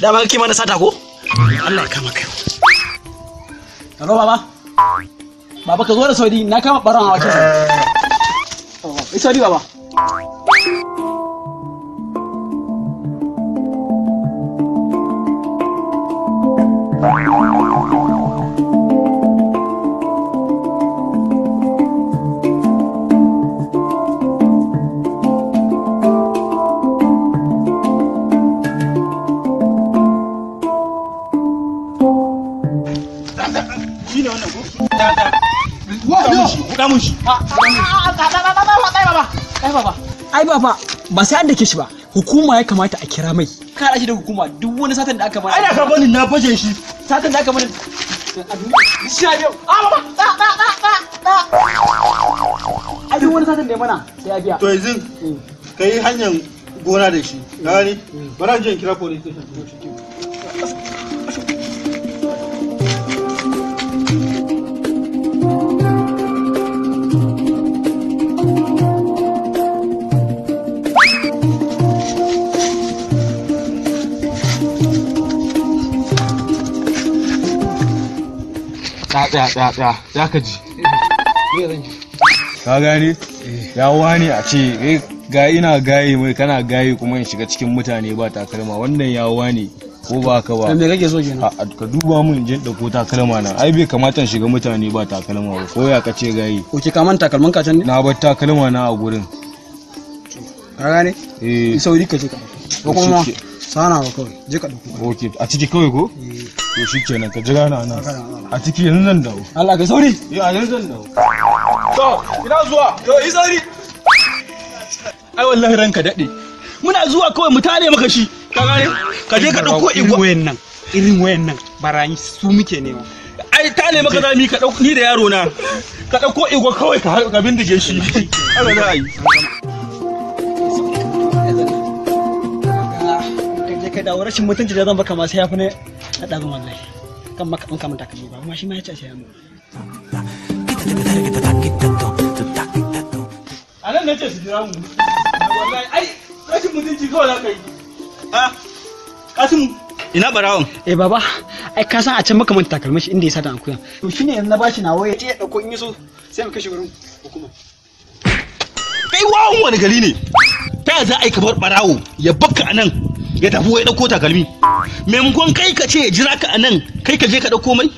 dama kima mana sata ko Allah ya kama kai Hello baba Baba ka zo da Saudi na kama baron a Oh eh. Saudi Saudi baba Bye. shi ne wannan ko da da buɗa shi buɗa mun shi ai baba ai baba ba sai an dake shi ba hukuma ya kamata a kira mai ka shi da hukuma duk wani satan da aka mana ai da bani na baje shi satan da aka mana sha biyu ah, a baba da da da da da ai duk wani satan da ya mana sai ya biya to yanzu mm. kai hanyar gona da shi gani mm. bari an kira police station tsaya tsaya tsaya za ka ji ka gane eh. ya wani a ce eh, ga ina gaye mai kana gaye kuma in shiga cikin mutane ba takalma wannan ya wani ko ba ka ba me kake so kenan ka duba mun jin dauko takalma na ai bai kamata shiga mutane ba takalma ba ko ya ka ce gaye ko ki kaman takalman ka can na bar takalma na a gurin ka gane eh sauri ka je ka ko kuma sana ba kawai je ka dauko ok a ciki kawai ko eh to shi kenan ka jira na nan a ciki yanzu zan dawo Allah ka sauri ya eh, yanzu zan dawo to ina zuwa to yi sauri ai wallahi ranka dade muna zuwa kawai mu tare maka shi ka gane ka je ka dauko igwa wayan nan irin wayannan nan barani su muke ne ai tare maka zami ka dauko ni da yaro na ka dauko igwa kawai ka bindige shi Allah za a yi ka dawo rashin mutunci da zan baka masu yafi ne na ɗazin wallahi kan maka ɗan kamar takalmi ba kuma shi ma ya ce a a nan ne ce su jira mu ai rashin mutunci kawai za ka yi. Ina barawon? Eh baba, ai ka san a can makaman takalmin shi inda ya sata akuya. To shine yanzu na bashi na waya ya dauko in sai mu kashe wurin hukuma. Kai wawan wani gari ne? Ta za a yi ka bar barawo ya bakka anan ya tafi wai ɗauko takalmi maimakon kai ka ce jira ka a nan kai ka je ka ɗauko mai